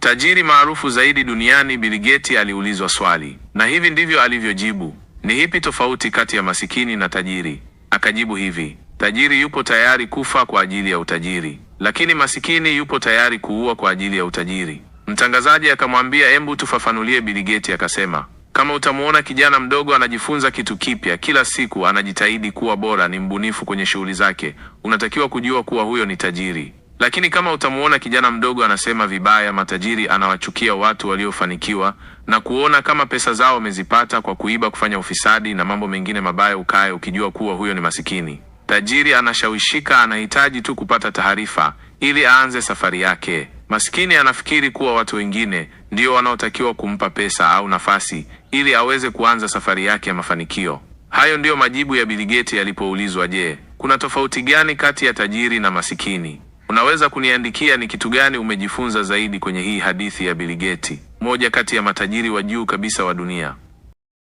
Tajiri maarufu zaidi duniani Bill Gates aliulizwa swali, na hivi ndivyo alivyojibu: ni hipi tofauti kati ya masikini na tajiri? Akajibu hivi: tajiri yupo tayari kufa kwa ajili ya utajiri, lakini masikini yupo tayari kuua kwa ajili ya utajiri. Mtangazaji akamwambia, embu tufafanulie. Bill Gates akasema, kama utamuona kijana mdogo anajifunza kitu kipya kila siku, anajitahidi kuwa bora, ni mbunifu kwenye shughuli zake, unatakiwa kujua kuwa huyo ni tajiri. Lakini kama utamuona kijana mdogo anasema vibaya matajiri, anawachukia watu waliofanikiwa na kuona kama pesa zao wamezipata kwa kuiba, kufanya ufisadi na mambo mengine mabaya, ukae ukijua kuwa huyo ni masikini. Tajiri anashawishika, anahitaji tu kupata taarifa ili aanze safari yake. Masikini anafikiri kuwa watu wengine ndio wanaotakiwa kumpa pesa au nafasi ili aweze kuanza safari yake ya mafanikio. Hayo ndiyo majibu ya Bill Gates yalipoulizwa, je, kuna tofauti gani kati ya tajiri na masikini? Unaweza kuniandikia ni kitu gani umejifunza zaidi kwenye hii hadithi ya Bill Gates, moja kati ya matajiri wa juu kabisa wa dunia?